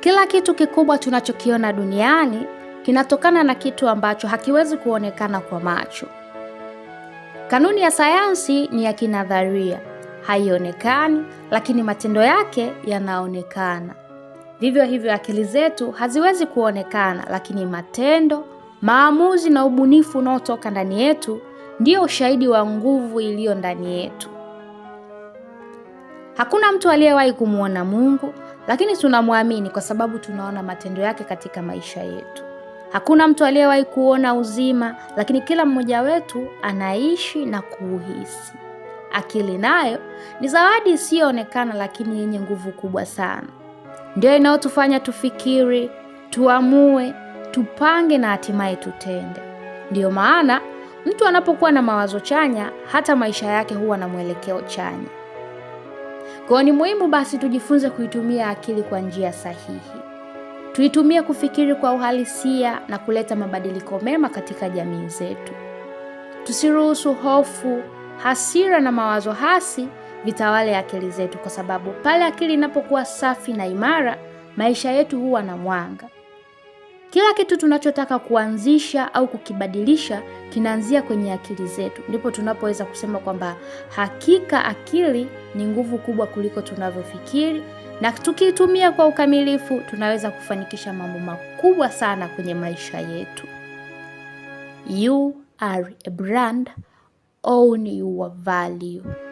Kila kitu kikubwa tunachokiona duniani kinatokana na kitu ambacho hakiwezi kuonekana kwa macho. Kanuni ya sayansi ni ya kinadharia, haionekani, lakini matendo yake yanaonekana. Vivyo hivyo, akili zetu haziwezi kuonekana, lakini matendo, maamuzi na ubunifu unaotoka ndani yetu ndio ushahidi wa nguvu iliyo ndani yetu. Hakuna mtu aliyewahi kumwona Mungu, lakini tunamwamini kwa sababu tunaona matendo yake katika maisha yetu. Hakuna mtu aliyewahi kuona uzima, lakini kila mmoja wetu anaishi na kuuhisi. Akili nayo ni zawadi isiyoonekana, lakini yenye nguvu kubwa sana. Ndiyo inayotufanya tufikiri, tuamue, tupange na hatimaye tutende. Ndiyo maana mtu anapokuwa na mawazo chanya, hata maisha yake huwa na mwelekeo chanya. Kwa ni muhimu basi tujifunze kuitumia akili kwa njia sahihi, tuitumie kufikiri kwa uhalisia na kuleta mabadiliko mema katika jamii zetu. Tusiruhusu hofu, hasira na mawazo hasi vitawale akili zetu, kwa sababu pale akili inapokuwa safi na imara, maisha yetu huwa na mwanga. Kila kitu tunachotaka kuanzisha au kukibadilisha kinaanzia kwenye akili zetu, ndipo tunapoweza kusema kwamba hakika akili ni nguvu kubwa kuliko tunavyofikiri, na tukiitumia kwa ukamilifu tunaweza kufanikisha mambo makubwa sana kwenye maisha yetu. You are a brand, own your value.